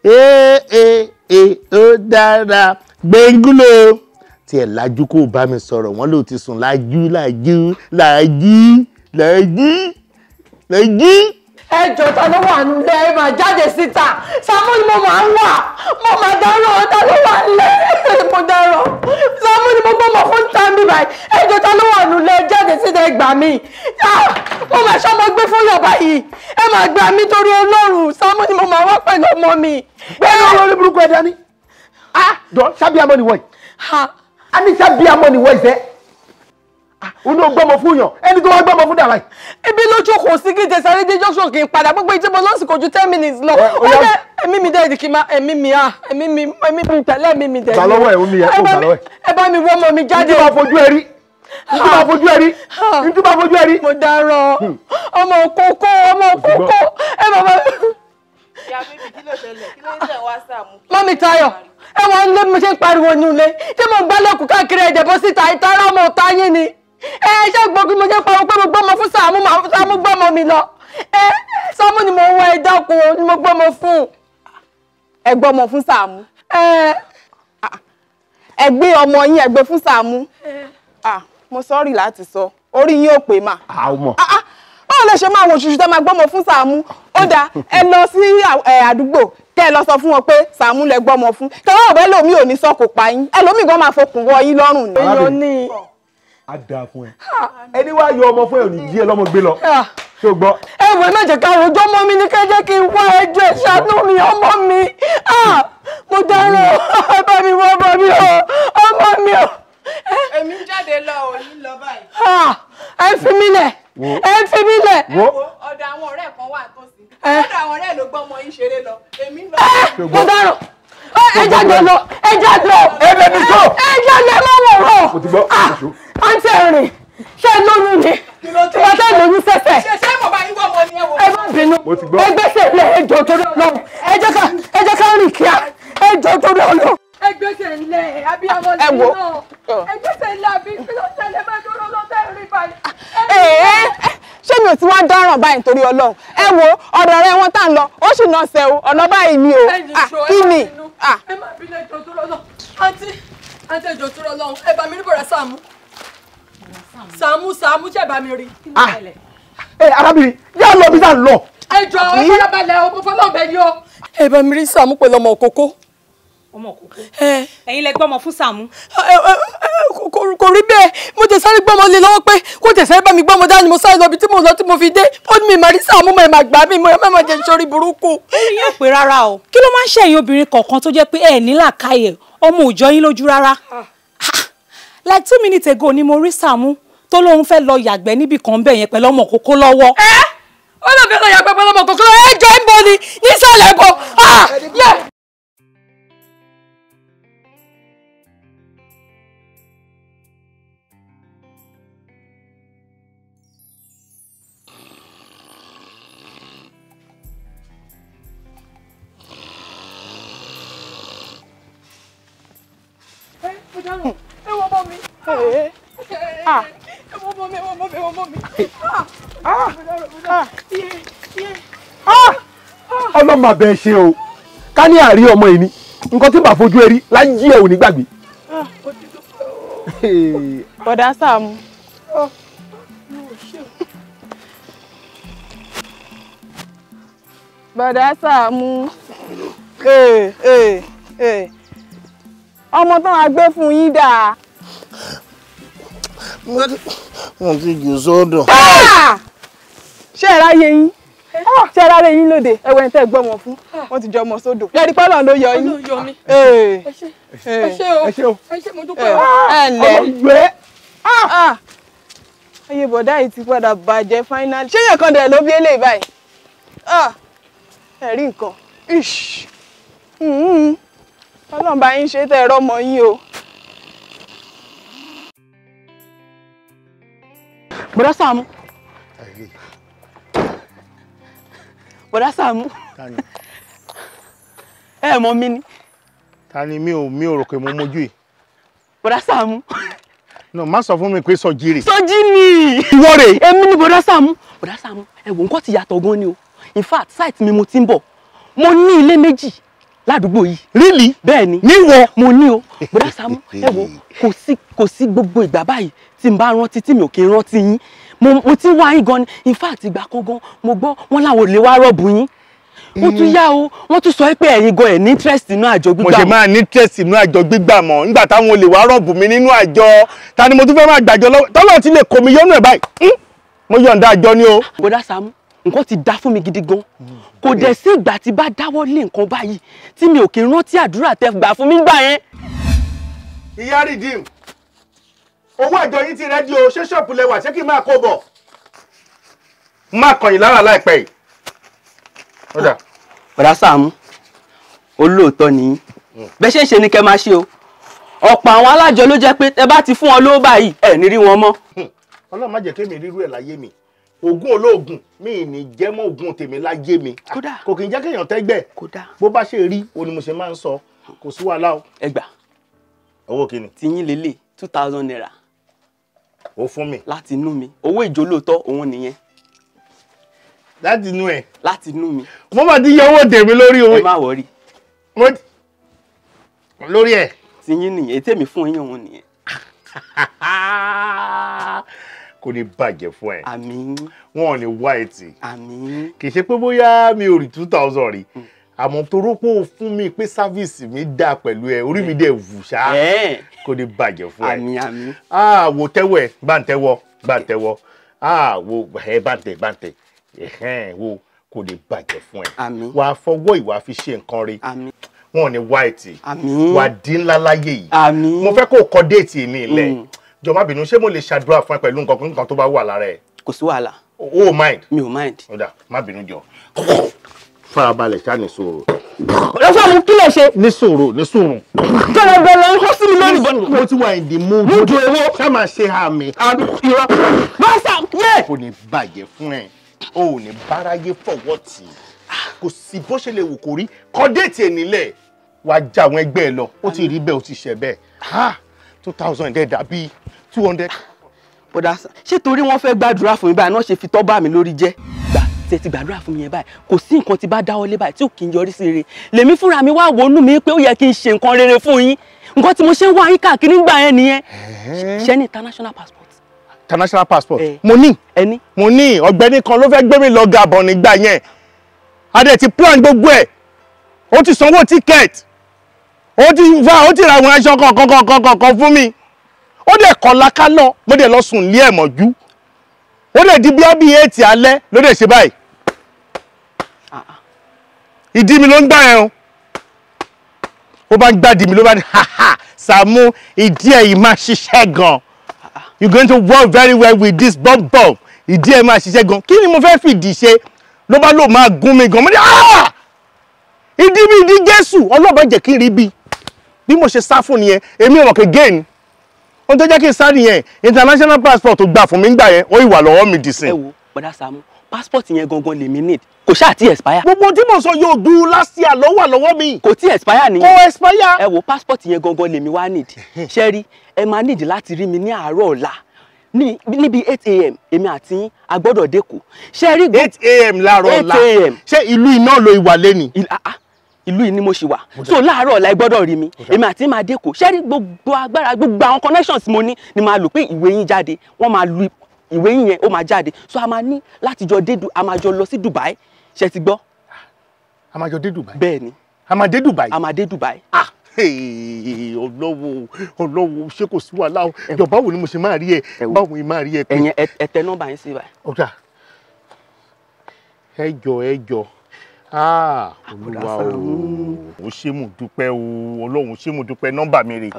ee ee ó dára gbẹ̀ngúlò tiẹ̀ lajú kó bá mi sọ̀rọ̀ wọ́n ló ti sùn lajú lajú lajú lajú lajú ẹ jọ ta ló wà nílẹ̀ ẹ máa jáde síta Sàámú ni mo máa ń wà mo máa dárò ta ló wà nílẹ̀ mo dárò Sàámú ni mo gbọ́mọ fún tàmí báyìí ẹ jọ ta ló wà nílẹ̀ ẹ jáde síta ẹ gbà mí mo máa ṣe ọmọ gbé fún yọ̀bá yìí ẹ máa gbà mí torí Ọlọ́run Sàámú ni mo máa wá pẹ̀lú ọmọ mi. bẹ́ẹ̀ ló lórí burúkú ẹ̀ dání. Ah! jọ sábíàmọ́ ni wọ́n yìí. a ní sábíàmọ́ ni wọ́n yìí òun ló gbọ́mọ fún yàn ẹni tó wá gbọ́mọ fún dàrá yìí. ibi lójú kò sí kí n tẹ̀sán lédè junction kì í padà gbogbo ìdí mo lọ́sìkò ju ten minutes lọ. ó yẹ ẹ̀mí mi dẹ́ẹ̀dì kí n máa ẹ̀mí mi à ah, ẹ̀mí mi ẹ̀mí mi tẹ̀lé ẹ̀mí mi dẹ́ẹ̀dì. gbàlọ́wọ́ ẹ̀ omi yẹ kó gbàlọ́wọ́ ẹ̀. ẹ bá mi wọ́mọ mi jáde. ìjọba fojú ẹ rí ìjọba fojú ẹ rí ìjọba ah, fojú ẹ rí. mo dárọ hmm. ọmọ kókó ọmọ kókó ẹ bàbá mi. Mọ́mí Táyọ̀, ẹ wọ́n lé mi ṣe ń pariwo nílé, ṣé mo gbálẹ̀kùn káàkiri ẹ̀jẹ̀ bọ́ síta ìtara ọmọ ọ̀tá yín ni iṣẹ́ ìgbógun mo ṣe pariwo pé mo gbọ́mọ fún Sàámú Sàámú gbọ́mọ mi lọ ẹ Sàámú ni mo ń wá ẹ dákun ni mo gbọ́mọ fún ẹ gbọ́mọ fún Sàámú ẹ gbé ọmọ yín ẹ gbé fún Sàámú mo sọ́ọ̀rì láti sọ orí yín ò pè mà. àwọn ah, ah, báwo lè ṣe máa wọ ṣùṣù tó máa gbọ́mọ fún Sàámú ó dáa ẹ lọ sí àdúgbò kẹ ẹ lọ sọ fún wọn pé Sàámú lẹ gbọ́mọ fún kẹwàá ọ̀bẹ lòmí ò ní sọ kò pa yín ẹlòmíì gan máa fokùn wọ yín lọ́rùn ni. èèyàn ní á dáa fún ẹ ẹni wá yọ ọmọ fún ẹ ò ní jí ẹ lọ́mọ gbé lọ ṣó gbọ́. ẹ wọ náà jẹ ká rojọ́ ọmọ mi ní kẹjẹ kí n wá ẹjọ́ ẹ ṣàánú mi ọmọ mi mo dáná ẹ bá mi wọ ọmọ mi o ọmọ mi o. èmi jáde lọ òní lọ báyìí. ẹ fi mí lẹ̀ ẹ fi mí lẹ̀. ọ̀dọ̀ àwọn ọ̀rẹ́ kan wà tó sí ọ̀dọ̀ àwọn ọ̀rẹ́ ló gbọ́ ọmọ yín ṣeré lọ èmi lọ. mo dáná ẹ jáde lọ ẹ jáde lọ ẹ jáde lọ ẹ jáde lọ ẹ jáde lọ àǹtí ẹ̀rìn ṣé ẹ lóyún ni tí wọ́n tẹ́ lóyún sẹ́sẹ̀. ṣe bàbá yín wọ́n mọ ní ẹ̀wọ̀n. ẹ má bínú ẹ gbèsè ilé ẹjọ́ torí Ọlọ́run ẹ jẹ́ ká rìn kíá ẹjọ́ torí Ọlọ́run. ẹ gbèsè ilé abiyamọ lè náà ẹ gbèsè ilé àbí ìfilọ́sẹ̀lẹ̀ mẹ́tọ́rọ́ lọ́tẹ̀ rí báyìí. Eh, eh, ṣé mi ò ti wá dáràn báyìí torí Ọlọ́run ẹ wo ọ̀dọ̀ rẹ wọn tá ń lọ ó sì náà sẹ o ọ̀nà báyìí ni o ah, kí ni. Ah. ẹ má bínú ẹjọ́ torí Ọlọ́run àǹtí àǹtí ẹjọ́ torí Ọlọ́run ẹ bá mi níbọ̀rẹ̀ sáà mú. Samu, Samu, ṣe bá mi rí. Ah. ẹ eh, arábìnrin yá lọ bí sáà lọ. ẹ jọ ẹ fọlábalẹ̀ o mo fọlọ́ọ̀bẹ ni o. ẹ bá mi rí Sàámú pẹ̀lú ọmọ òkókó. ọmọ òkókó ẹ̀yin lẹ gbọ́mọ fún Sàámú. kò rí bẹ́ẹ̀ mo tẹ̀ sáré gbọ́mọ lé lọ́wọ́ pé kò tẹ̀ sáré bá mi gbọ́mọ dání mo sáré lọ ibi tí mo lọ tí mo fi dé ó ní mi máa rí Sàámú mọ̀ ẹ̀ máa gbà mí mo ẹ̀ máa jẹ́ sórí burúkú. orí yóò pé rárá o kí ló máa ń ṣẹ̀yìn obìnrin kọ̀ọ̀kan tó jẹ́ pé ẹ̀ nílà káyẹ̀ ọmọ òòjọ́ ah. like two minutes ago ni mo rí Samu tó lóun fẹ́ lọ yàgbẹ́ níbì kan bẹ́ẹ̀ yẹn pẹ̀lú ọmọ kókó lọ́wọ́. ẹ ó lọ fẹ́ lọ yàgbẹ́ pẹ̀lú ọmọ kókó lọ́wọ́ ẹ jọ ń bọ ni nísàlẹ̀ bọ̀ ah yẹ. ẹ wọ́n bọ́ mi. Ah, ah ọmọ mi ọmọ mi ọmọ mi. ọlọ́mọ abẹ ṣe o ká ní àárí ọmọ yìí ni nǹkan tí bàá fojú ẹ rí láyé ẹ ò ní gbàgbé. bọ̀dá Sàámú. bọ̀dá Sàámú ọmọ tó wàá gbé fún yín dáa wọn ti jù sódò. Ah! Ah! ṣé ẹ ráyè yín eh? ah! ṣé ẹ ráyè yín lóde ẹwẹ ń tẹ gbọ́ wọn fún wọn ti jọ ọmọ sódò lẹni pọlọ ló yọ yín. Eh! Eh! ẹ ṣé o ẹ ṣé o ẹ ṣé mo dúpẹ́ o. ẹ ǹlẹ́ ọgbẹ́. ayé bọ̀dá yìí ti padà bàjẹ́ fáínálì ṣé yẹn kan dẹ̀ ló bí eléyìí báyìí ẹ̀rí nǹkan hmm, hmm, hmm. ọlọ́run bá yín ṣe tẹ̀ ẹ̀rọ ọmọ yín o. bọ̀dá Sàámú. bọ̀dá Sàámú. ẹ ẹ̀ mọ mi ni. ta ni mi ò mi ò rò pé mo mojú yìí. bọ̀dá Sàámú. no má sọ fún mi pé sọjí rè. sọjí ni ìwọ rè ni bọ̀dá Sàámú bọ̀dá Sàámú ẹ wò nǹkan ti yàtọ̀ gan o in fact site me mo ti ń mo ní ilé méjì ládùúgbò yìí. rílì bẹ́ẹ̀ ni níwọ. mo ní o bùdá Sàámú ẹ wo kò sí kò sí gbogbo ìgbà báyìí tí n bá rántí tí mi ò kì í rántí yín mo ti wá yín gan ni in fact ìgbà kan gan mo gbọ́ wọn làwọn ò lè wá rọ̀bù yín ó tún yá o wọ́n tún sọ pé ẹ̀yin gan ẹ̀ ní interest inú àjọ gbígbà mọ́. mo ṣe máa ní interest inú àjọ gbígbà mọ́ nígbà táwọn olè wá rọ̀bù mi nínú àjọ ta ni mo tún fẹ́ máa gbàjọ lọ́wọ́ tọ́lọ́ ti lè kó mi yọ́nú ẹ̀ báyìí hm? mo yọ̀ǹda àjọ ni o. bùdá Sàámú nǹkan ti dá fún mi gidi gan mm. kò dẹ̀ sí ìgbà tí bá dáwọ́ lé nǹkan báyìí tí mi ò kì í rántí àdúrà tẹ́ gbà fún mi gbà yẹn. ìyá rìdíìmù owó àjọ yín ti rẹ́dí o ṣé ṣọ́ọ̀pù lẹwà ṣé kí n máa kó bọ̀ má kọyìn lára láìpẹ́ yìí. ọ̀dà. bàdá Sàámú olóòótọ́ nìyí mm. bẹ́ẹ̀ ṣe ń ṣe ni kẹ́ máa ṣe o ọ̀pọ̀ àwọn alájọ ló jẹ́ pé ẹ bá ti fún wọn lówó ẹ̀ ní rí wọn mọ́. Hmm. ọlọ́run má jẹ́ kémi rírú ẹ̀ láyé mi ogún olóògùn mi ni jẹ́mọ́ ogún tèmi láyé mi kò kì í jẹ́ kéèyàn tẹ́gbẹ́ bó bá ṣe rí òun ni mo ṣe máa ń sọ kò sí wàhálà o. ẹ gbà owó kìíní. ti yín lélẹ̀ two thousand naira. o fún mi. láti inú mi owó ìjólóòtọ́ òun nìyẹn. láti inú ẹ. láti inú mi. mo máa ti yọ owó tèmi lórí owó. ẹ má wọrí. mo lórí ẹ. ti yín nìyẹn ètè mi fún yín òun nìyẹn. kò ní bàjẹ́ fún ẹ. àmín. wọn ò ní wá etí. àmín. kì í ṣe pé bóyá mi ò rí two thousand rí mm. àmọ́ toró pé o fún mi pé sáfíìsì mi dáa pẹ̀lú ẹ orí mi mm. dẹ̀ wù ṣá kò ní bàjẹ́ fún ẹ. àmín àmín. a wò tẹ́wọ̀ ẹ bá ń tẹ́wọ́ bá ń tẹ́wọ́ a wò ẹ bá ń tẹ bá ń tẹ ẹ̀hẹ́n wo kò ní bàjẹ́ fún ẹ. àmín. wàá fọwọ́ ìwà fi ṣe nǹkan rí. àmín wọn ò ní wá ètì. àmín. wàá dín ńlá láyé yìí. àmín. mo fẹ́ kó o kọ déètì mi lẹ̀. Mm jọ bínú ṣé mo lè ṣàdúrà fún ẹ pẹ̀lú nǹkan nǹkan tó bá wà lára ẹ. kò sí wàhálà. o ò mind. mi ò mind. ó má bínú jọ farabalẹ̀ ṣá ní sùúrù. lọ́sọ̀ mú kí lè ṣe. ní sùúrù ní sùúrù. bẹ́ẹ̀ bẹ́ẹ̀ lọ kọ́ sí mi lórí mo ti wà in the mood. mo jò owó. ṣá máa ṣe àmì. àmì ìwọ. bọ́sà yé. kò ní bàjẹ́ fún ẹ o ò ní báráyé fọwọ́ tì í kò sí bó ṣe lè wù kó rí kọ́ déètì ẹ̀ nílẹ̀ wàá já àwọn ẹgbẹ́ ẹ lọ ó ti rí bẹ́ẹ̀ ó ti ṣẹ bẹ́ẹ̀ two thousand dẹ̀ dàbí two hundred. bọ̀dà ṣé torí wọ́n fẹ́ gbàdúrà fún mi báyìí náà ṣe fi tọ́ba mi lórí jẹ́ gbà tẹ ti gbàdúrà fún mi yẹn báyìí kò sí nǹkan tí bá dáwọ́ lé báyìí tí ò kì í yọrí sí rere lèmi fúnra mi wá wọnú mi pé ó yẹ kí n ṣe nǹkan rere fún yín nǹkan tí mo ṣe ń wá yín káàkiri gbà yẹn nìyẹn ṣe ní international passport. international passport eh. mo ní ẹni mo ní ọ̀gbẹ́ni kan ló fẹ́ gbé mi lọ Gabon nígbà yẹn adé ti plan gbogbo ẹ̀ ó ti sanwó ticket ó ti ń fa ó ti ra àwọn aṣọ kankan kankan kankan fún mi ó dẹ̀ kọ́ laká lọ mo dẹ̀ lọ sùn lé ẹ̀ mọ̀jú ó dẹ̀ di bíá bíi èètì alẹ́ ló dẹ̀ ṣe báyìí ìdí mi ló ń gbà yẹn o ó bá ń gbàdí mi ló bá ní haha Sàámú ìdí ẹ̀ yìí máa ṣiṣẹ́ gan you going to work very well with this bomb bomb ìdí ẹ̀ máa ṣiṣẹ́ gan kí ni mo fẹ́ fìdí ṣe ló bá lò máa gún mi gan mo ní ah! ìdí mi ìdí Jésù ọlọ́ọ̀bá jẹ́ kí n rí bíi bí mo ṣe sá fún nìyẹn èmi ò mọ̀ pé gain ohun tó jẹ́ kí n sá nìyẹn international passport tó gbà fún mi gbà yẹn ó ìwà lọ́wọ́ mi dì sí. ẹ wo bọ́dá Sàámú passport yẹn gangan lèmi need kò ṣáà ti expire. gbogbo tí mo sọ yóò du last year ló wà lọ́wọ́ mi. kò ti expire nìyẹn. kò expire. ẹ wo passport yẹn gangan lèmi wá need ṣe rí ẹ máa need láti rí mi ní àárọ̀ ọ̀la níbi eight a.m. èmi àti a gbọ́dọ̀ dẹ́kù. ṣe rí. eight a.m. láàárọ̀ ọ̀la eight a.m. ṣé ìlú iná lo ìwà lẹ́ni ìlú yìí ni mo ṣì wà so láàárọ̀ ọ̀la ẹ gbọ́dọ̀ rí mi èmi àti máa dé kò ṣẹ́rí gbogbo agbára gbogbo àwọn connections mo ní ni máa lò pé ìwé yín jáde wọ́n máa lu ìwé yín yẹn ó máa jáde so a máa ní láti jọ dé a máa jọ lọ sí Dubai ṣe ti gbọ́. a máa jọ dé Dubai bẹ́ẹ̀ ni a máa dé Dubai a máa dé Dubai. ah ọlọ́wọ́ ọlọ́wọ́ ṣé kò sí wàhálà o jọ báwo ni mo ṣe máa rí ẹ báwo ni máa rí ẹ pé. ẹ̀yin ẹ̀tẹ̀ nọ́mbà yín sí ibà. ọ̀gá ẹ jọ ẹ Ah, olúwa o ò ṣé mo dúpẹ́ o ọlọ́run ṣé mo dúpẹ́ nọ́mbà mi rè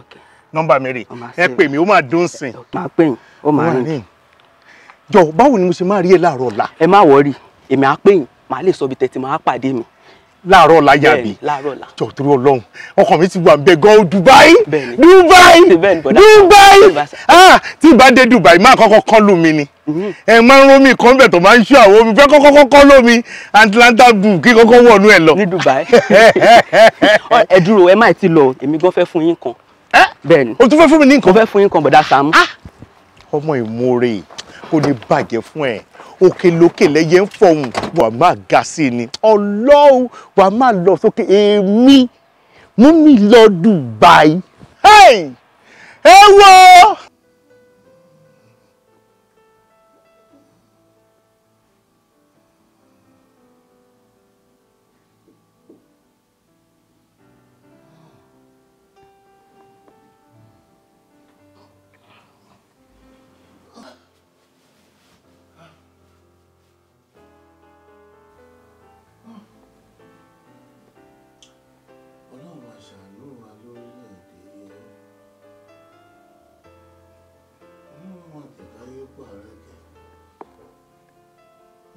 nọ́mbà mi rè ẹ pè mí ó máa dún sìn. máa pè yín ó máa rìn. jọ báwo ni mo ṣe máa rí ẹ láàárọ̀ ọ̀la. ẹ má wọrí èmi á pè yín màá lè sọ ibi tẹ̀tí màá pàdé mi láàárọ̀ ọ̀la yàbí jọ torí ọlọ́run ọkàn mi ti wà nbẹ gan Dubai Dubai Dubai ah ti ì bá dé Dubai má kọ́kọ́ kán lù mí ni ẹ máa ń rómi kan bẹ̀ tó máa ń ṣú àwọn omi fẹ́ kọ́kọ́ kọ́kọ́ lómi Atlanta blue kí kọ́kọ́ wọ̀nú ẹ̀ lọ. ní Dubai ẹ dúró ẹ má ti lọ èmi gan fẹ́ fún yín kan. bẹ́ẹ̀ ni o tún fẹ́ fún mi ní nǹkan. mo fẹ́ fún yín kan bọ̀dá Sàámú. Ah! ọmọ ìmoore kò ní bàjẹ́ fún ẹ òkè lókè lẹ́yẹ ń fọ̀hún wàá máa ga sí i ni ọlọ́run wàá máa lọ sókè èmi mú mi lọ Dubai. ẹ wọ́ọ́.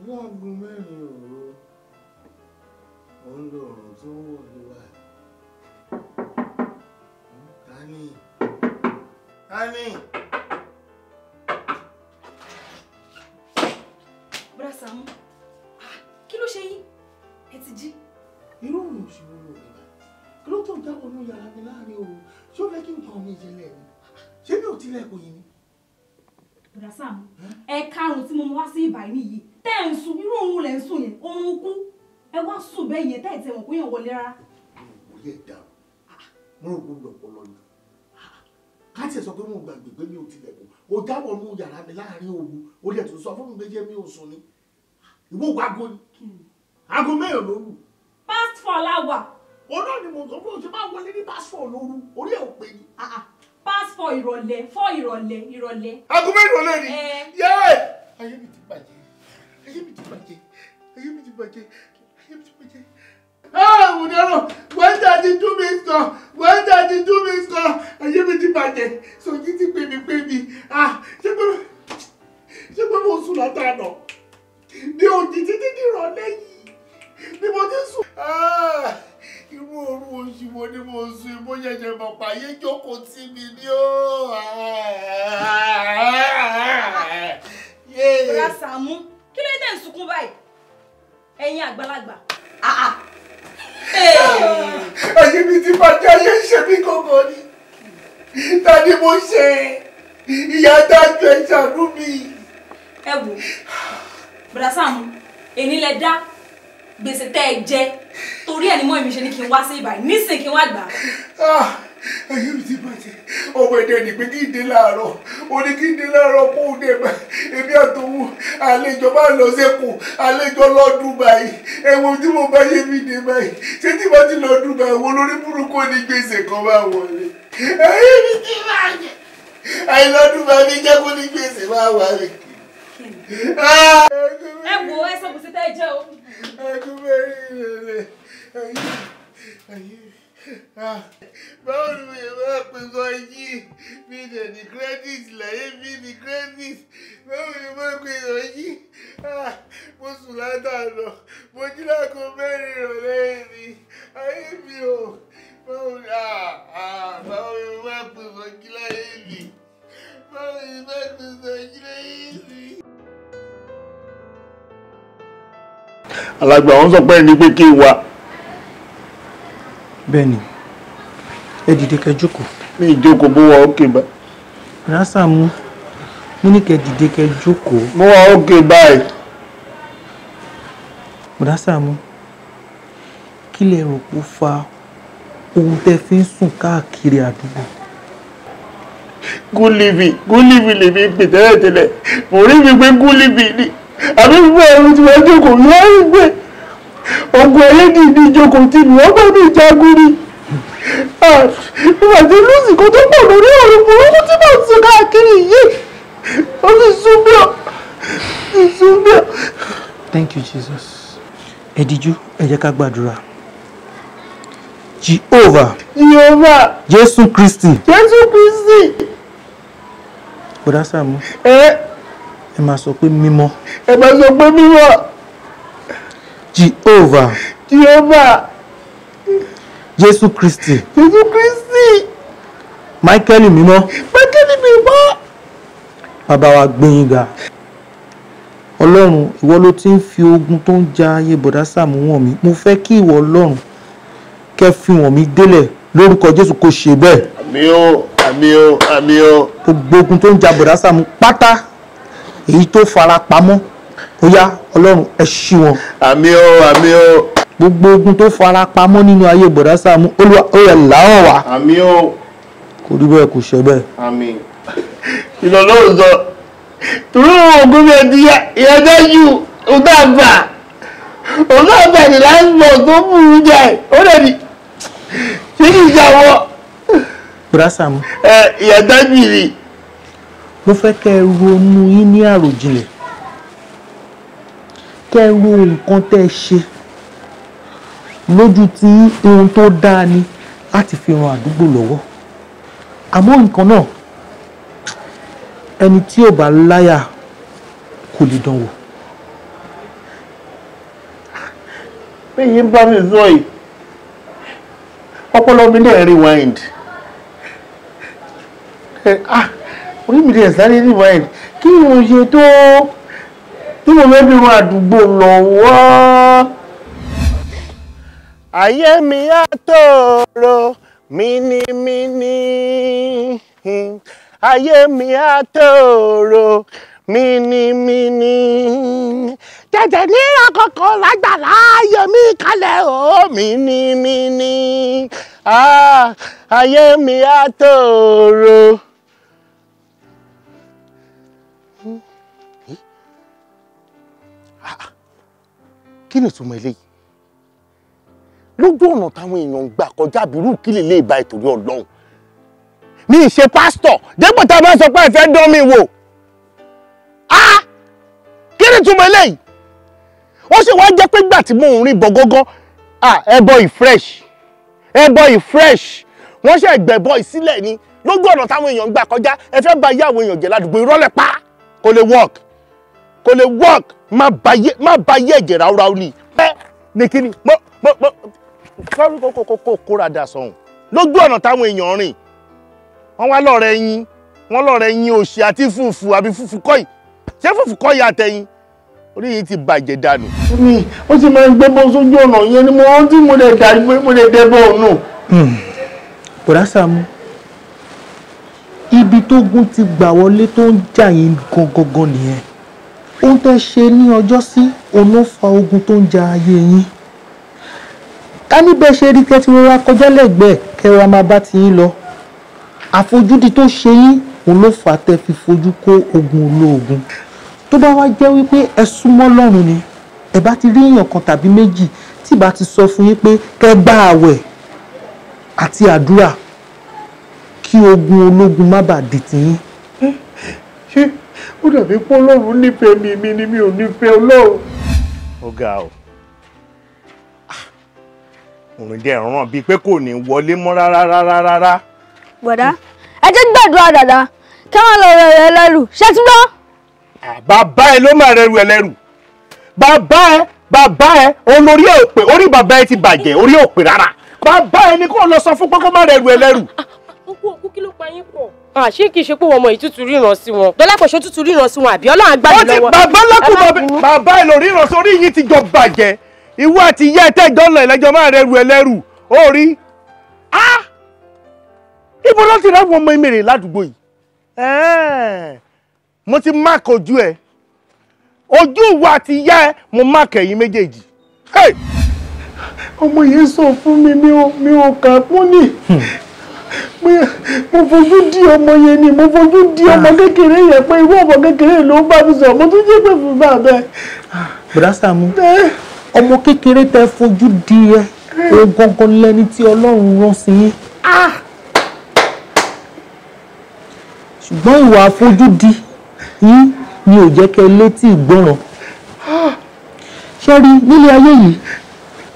láago mẹ́rin òru òun lo ọ̀rọ̀ tó ń wọ̀ ló wà tani tani. bùrọ̀ Sàámú ah, kí ló ṣe yín ẹ ti jí. irú òun ò sì wúlò nígbà kí ló tó ń dáwọ́ inú yàrá mi láàrin òru ṣé ó fẹ́ kí nǹkan mi jẹlẹ̀ ni ṣé mi ò tilẹ̀ kò yín ni. bùrọ̀ Sàámú ẹ karùn tí mo mú wá sí ìbàyí nìyí tẹ́ ẹ̀ ń sùn irú òun lẹ̀ ń sùn yẹn òun kú ẹ wá sùn bẹ́ẹ̀ yẹn tẹ́ ẹ̀ tẹ́ mọ̀ kó yàn wọlé rárá. mo yẹ dà mo rò pé lọpọlọ ni ká tiẹ̀ sọ pé mo gbàgbé pé mi ò tilẹ̀kùn o dáwọ̀ nú yàrá mi láàrin òru o lè tún sọ fún mi pé jẹ́ mi ò sùn ni ìwọ ògùn aago ni aago mẹ́rin lóru. past four la wà. ọ̀nà ni mo sọ fún òṣèlú máa wọlé ní past four lóru orí ẹ̀ ò pé ni past four ìrọ̀lẹ́ four ìrọ̀lẹ́ ìrọ̀lẹ́. aago mẹ́rin ìrọ̀lẹ́ ni yẹ́ẹ̀ ayé mi ti bàjẹ́ ayé mi ti bàjẹ́ ayé mi ti bàjẹ́ ayé mi two minutes kan wọ́n dàdí two minutes kan ayé mi ti bàjẹ́ sọjí ti pè ah, mo sùn látànà ní òjì títí di ìrọ̀lẹ́ yìí ni mo ti sùn. Ah, irú òru oṣù wo ni mo sùn mo ṣẹ̀ṣẹ̀ mọ̀ dẹ̀ ń sunkún báyìí ẹ̀yin àgbàlagbà. Ah, ah. ayé mi ti máa jẹ́ ayé ṣe mí gbogbo ni ta ni mo ṣe ìyá dájú ẹ ṣàánú mi. ẹ wò bùrọ̀dá Sàámú èyí lẹ dá gbèsè tẹ́ ẹ jẹ torí ẹ̀ ni mọ́ èmi ṣe ni kí n wá sí ibà nísìnyí kí n wá gbà ayé mi ti bàjẹ́ ọmọ ẹ̀dẹ́ ni pé kí n dé láàárọ̀ ó ní kí n dé láàárọ̀ kó o dé bá èmi àtòwò àlejò bá lọ sẹ́kù àlejò lọ Dubai ẹ̀wọ̀n tí mo bá yé mi dé báyìí ṣé tí wọ́n ti lọ Dubai wo lórí burúkú ní gbèsè kan bá wọlé ayé mi ti bàjẹ́ àìlọ́dún bá mi jẹ́ kó ní gbèsè bá wà ah! ẹ wo ẹ sọ kò sí tẹ́ jẹ́ o. ẹ rí rẹ̀ ayé ayé. Ah, báwo ni mo yẹ máa pè sọ yìí mi dẹ̀ ní credit láyé mi ní credit báwo ni mo pè sọ yìí ah, mo sùn látàná mo jí láago mẹ́rin ìrọ̀lẹ́ mi ayé mi o báwo ni ah, báwo ni mo máa pè sọ yìí láyé mi báwo ni mo máa pè sọ yìí láyé mi. alàgbà wọn sọ pé ẹni pé kí n wá bẹ́ẹ̀ni ẹ dìde kẹ́ jókòó. mi ìjókòó bó wa ókè bá. rásà mú mo ní kẹ́ dìde kẹ́ jókòó. mo wà ókè báyìí. rásà mú kí lè rò kó fa ohun tẹ́ fi ń sùn káàkiri àdúgbò gúlìbì gúlìbì lèmi pè tẹ́lẹ̀tẹ́lẹ̀ mò ń rí mi pé gúlìbì ni àbí gbogbo ẹrù tí wọ́n jókòó yóò rí gbé ọgùn ẹlẹ́dì ibi ìjókòó ah, tí mi wọ́n bá mi jagun ni àti lùsì kó tó pọ̀ lórí ọ̀rọ̀ burúkú tí mo sùn káàkiri yìí ó sì sún mí ọ sì sún mí ọ. thank you jesus ẹ díjú ẹ jẹ́ ká gbàdúrà jehovah jehovah jésù kristi jésù kristi. kódà Sàámú ẹ máa sọ pé mímọ́. ẹ máa sọ pé mímọ́. Jehovah. Jehovah. Jésù Kristi. Jésù Kristi. Máíkẹ́lì mímọ́. Máíkẹ́lì mímọ́. Bàbá wa gbẹ̀yìn ga. Ọlọ́run ìwọ ló ti ń fi ogun tó ń ja ayé bọ̀dá Sàámú wọ̀n mi. Mo fẹ́ kí ìwọ Ọlọ́run kẹ́ fi wọ̀n mi délẹ̀ lórúkọ Jésù kò ṣe bẹ́ẹ̀. Àmín o, àmín o, àmín o. Gbogbo ogun tó ń ja bọ̀dá Sàámú pátá èyí tó fara pamọ́ ó yá ọlọ́run ẹ ṣí wọn. àmì o àmì o. gbogbo ogun tó fara pamọ́ nínú ayé bọ̀dá Sàámú olúwa ó yẹ làwọn wá. àmì o. kò rí bẹ́ẹ̀ kò ṣe bẹ́ẹ̀. àmì ìlọ́lọ́run sọ torí àwọn ògùn mi ẹ̀dí ìyájájú ọ̀gá àgbà ọ̀gá àgbà ní láńbọ̀ tó burú jẹ́ ó lè ní ṣé kì í ṣàwọ̀. bọ̀dá Sàámú. ẹ ìyájájú yìí. mo fẹ́ kẹ́ ẹ ronú yín ní àròjinlẹ̀ kẹ́ ẹ ro nǹkan tẹ́ ẹ ṣe lójú tí ohun tó dáa ni láti fi ran àdúgbò lọ́wọ́ àmọ́ nǹkan náà ẹni tí ò bá láyà kò lè dánwò. bẹ́ẹ̀ bá mi sọ yìí ọpọlọ mi náà rewind ah, orí mi dẹ̀ sáré rewind kí n ò ṣe tó tí mo fẹ́ fi ran àdúgbò lọ́wọ́. ayé mi á tòrò mínímíní ayé mi á tòrò mínímíní tètè ní àkókò lágbàlá ayé mi kalẹ̀ o mínímíní ah, ayé mi á tòrò. kí ni ìtumọ̀ eléyìí lójú ọ̀nà táwọn èèyàn ń gbà kọjá àbírú kí lè lè ba ìtòrí ọlọ́run ní ìṣe pásítọ̀ dépò tá a bá sọ pé ẹ fẹ́ dán mi wò á kí ni ìtumọ̀ eléyìí ó sì wá jẹ́ pé gbà tí mò ń rìn bọ̀ gángan ẹbọ ìfresh ẹbọ ìfresh wọ́n ṣe ẹgbẹ̀bọ ìsílẹ̀ ni lójú ọ̀nà táwọn èèyàn ń gbà kọjá ẹ fẹ́ ba iye àwọn èèyàn jẹ́ ládùúgbò irọ́ lẹ̀ pa kò lè work kò lè work má ba yé ẹ̀jẹ̀ ráúráú ni pẹ́ ní kíni mọ́ mọ́ mọ́ kọ́rí kókókókó kóra dà sọ̀hún lójú ọ̀nà táwọn èèyàn rìn wọ́n wá lọ́ọ̀rẹ́ yín wọ́n lọ́ọ̀rẹ́ yín òṣì àti fùfù àbí fùfù kọ́ì ṣé fùfù kọ́ì àtẹ̀yìn orí yìí ti bàjẹ́ dànù. mi ó sì máa ń gbébọn sójú ọ̀nà yẹn ni mo rántí mo lè dàrí pé mo lè dẹ́bọ̀ ọ̀nà. Hmm. bùrá Sàámú ibi tó gún ti gbà wọlé tó ń jà yín gangan nìyẹn ohun tẹ́ ṣe ní ọjọ́ sí òun ló fa ogun tó ń ja ayé yín ká níbẹ̀ ṣe rí kẹ́tí rọra kọjá lẹ́gbẹ̀ẹ́ kẹwàá máa bá ti yín lọ àfojúdi tó ṣe yín òun ló fà tẹ́ fi fojú kó ogun olóògùn tó bá wá jẹ́ wípé ẹ súnmọ́ lọ́rùn ni ẹ bá ti rí èèyàn kan tàbí méjì tí bá ti sọ fún yín pé kẹ́ gba àwẹ̀ àti àdúrà kí ogun ológun má bàa dìtì yín ó dàbí pé ọlọ́run nífẹ̀ẹ́ mi mi ni mi ò nífẹ̀ẹ́ ọlọ́run. ó ga o ah, òrùn jẹ ìrànràn bíi pé kò ní wọlé mọ́ rárá rárá rárá. bọ̀dá ẹ jẹ́ gbàdúrà dàda kí wọ́n lọ rẹ̀ rẹ̀ lẹ́rù ṣé tí gbọ́. Ah, bàbá ẹ ló máa rẹrù ẹ lẹ́rù bàbá ẹ bàbá ẹ olórí òpè orí bàbá ẹ ti bàjẹ́ orí òpè rárá bàbá ẹ ni kò lọ sọ fún pé kó má rẹrù ẹ lẹ́rù. Ah, Ah, òkú kí ló pa yín pọ̀. àṣé ah, kìí ṣe pé wọn mọ ìtútù ríran sí wọn dọlápọ̀ ṣe tútù ríran sí wọn àbí ọlọ́run agbá mi lọ́wọ́. bàbá lákùn bàbá ẹ lórí ìrànṣọ orí yín ti jọ bàjẹ́ ìwọ àti ìyá ẹ tẹ́jọ́ lọ ìlẹ́jọ́ máa rẹ̀ rù ẹ lẹ́rù ó rí. ibo ló ti ráwọn ọmọ ìmèrè ládùúgbò yìí mo ti mark ojú ẹ ojú ìwọ àti ìyá ẹ mo mark ẹ̀yin méjèèjì. Hey! ọmọ yìí sọ fún mi mi ò kà á pọ́n ni hmm mo fojú di ọmọ yẹn ni mo fojú di ah. ọmọ kékeré yẹn pé irú ọmọ kékeré ló ń bá mi sọ mo tún jẹ́ pé fún bàbá ẹ. bùdá Sàámú ọmọ kékeré tẹ fojú di ẹ eh. o gangan lẹni tí Ọlọ́run rán sí yín. Ah. ṣùgbọ́n ìwà àfojúdi yín ni ò jẹ́ kẹ́ létí ìgbọràn. Ah. ṣé rí nílé ayé yìí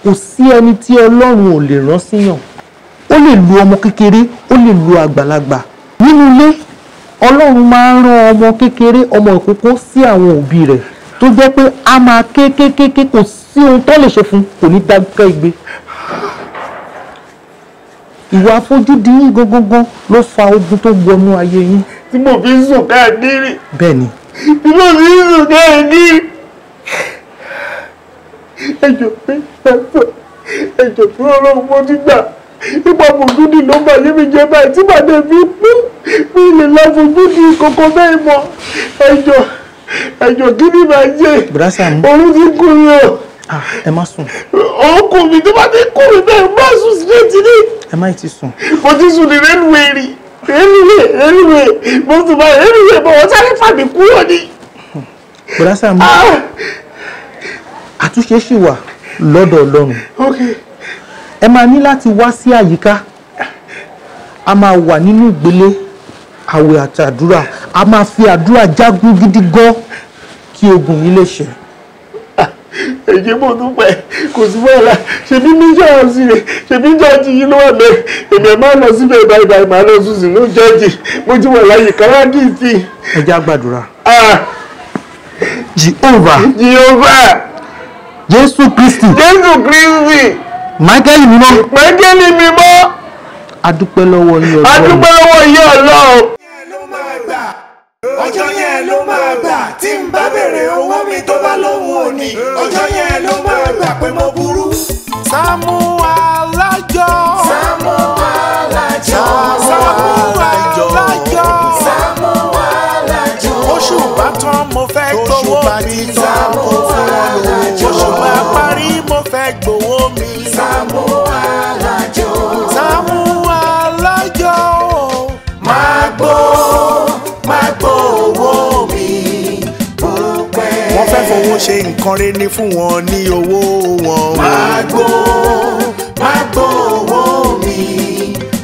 kò sí ẹni tí Ọlọ́run ò lè rán síyàn ó lè lu ọmọ kékeré ó lè lu àgbàlagbà nínú ilé ọlọ́run máa ń rán ọmọ kékeré ọmọ ìkókó sí àwọn òbí rẹ̀ tó jẹ́ pé a máa ké ké ké ké kò sí ohun tó lè ṣe fún kò ní dákẹ́ igbe ìwà àfojúdi yín gangan ló fa ogun tó wọnú ayé yín. tí mo fi ń sùn káàkiri. bẹ́ẹ̀ ni. tí mo fi ń sùn káàkiri. ẹ jọ pé ẹ jọ pé ọlọ́run mo ti gbà nípa bùgúdì ló bà yé mi jẹ báyìí tí bàdé mi pé mi lè lọ bùgúdì kòkó bẹ́ẹ̀ mọ ẹjọ ẹjọ kí ni màá jẹ òun ti kú mi o. ẹ má sùn. ọkùnrin mi tó bá ti kú mi bẹ́ẹ̀ má sùn sílé ti ní. ẹ má ti sùn. mo ti sùn ní rẹ́lùwẹ̀ẹ́ rí rẹ́lùwẹ̀ẹ́ rẹ́lùwẹ̀ẹ́ mo sùn báyìí rẹ́lùwẹ̀ẹ́ bọ̀ wọ́n sáré fàmì kúrò ní. bùrásà mi ah! àtúnṣe ṣì wà lọ́dọ̀ ọlọ́run. okay ẹ máa ní láti wá sí àyíká a máa wà nínú ìgbélé àwẹ̀ àtàdúrà a máa fi àdúrà jágun gidi gan kí ogun yìí lè ṣẹ. èyí mo dúpẹ́ kò sí wàhálà ṣèbí níjọ́ sí rẹ̀ ṣèbí jọ́ọ̀jì yìí ló wà bẹ́ẹ̀ èmi ẹ̀ máa lọ síbẹ̀ báyìí báyìí máa lọ sùn sínú jọ́ọ̀jì mo ti wà láyè káwá kì í sí. ẹ já gbàdúrà. Jehovah. Jehovah. Jésù Kristi. Jésù Kristi máìkẹ́lì mímọ́. máìkẹ́lì mímọ́. adúpẹ́ lọ́wọ́ yín ọlọ́run. adúpẹ́ lọ́wọ́ yín ọlọ́run. ọjọ́ yẹn ló máa gbà tí n bá béèrè owó mi tó bá lóhùn òní ọjọ́ yẹn ló máa gbà pé mo burú. Sàámú Alájọ. Sàámú Alájọ. Sàámú Alájọ. Sàámú Alájọ. oṣù bá tán mo fẹ́ gbowó mi. oṣù bá ti tán mo fẹ́ gbowó mi. oṣù bá parí fowó ṣe nǹkan rẹ ní fún wọn ní owó wọn. Magbo Magbo owó mi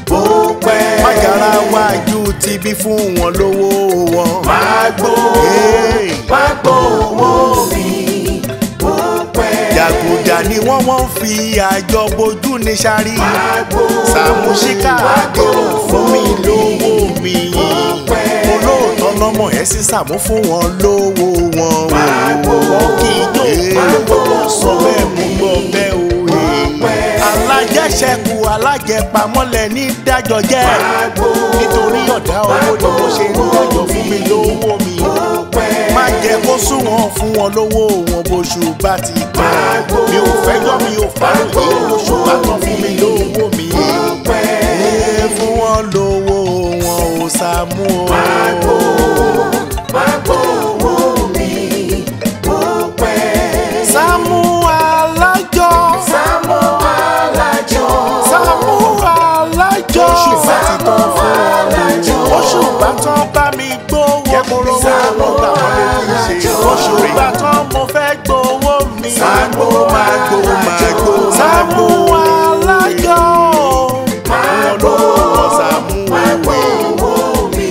bó pẹ́. Mágara wájú ti bí fún wọn lówó wọn. Magbo Magbo owó mi bó pẹ́. Jàgùjà ni wọ́n wọ́n fi àjọ bojú ní sáré. Magbo Sàmúsíkà àjọ fún mi lówó mi. Bó pẹ́. Olóòótọ́ lọ́mọ ẹ̀ sísàmú fún wọn lówó wọn. Magbo owó ìjó pàtó sórí ní dájọ́ jẹ́ nítorí ọ̀dá owó ni mo ṣe ń dájọ́ fún mi lówó mi má jẹ́ kó súnwọ̀n fún wọn lówó wọn bóṣù bá ti tẹ̀ mi ò fẹ́jọ́ mi ò fàròyé lóṣù bá tán fún mi lówó mi fún wọn lówó wọn ò sàmú o. ṣe oṣù ìgbà tán mo fẹ́ gbowó mi. Ságbó máa gbó máa gbó máa gbó. Ságbó alájọ. Máa gbó máa gbó owó mi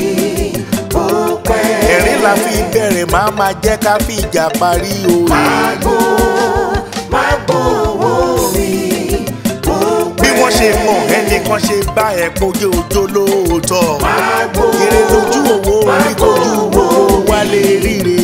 bó pẹ́. Ẹ̀rín la fi bẹ̀rẹ̀ máa máa jẹ́ ká fi ìjà parí o. Máa gbó máa gbó owó mi bó pẹ́. Bí wọ́n ṣe mọ̀ ẹnìkan ṣe bá ẹ̀ pojú ojó lóòótọ́. Máa gbó máa gbó owó mi bó pẹ́. Èrè lójú òwò orí kojú òwò wálé ríre.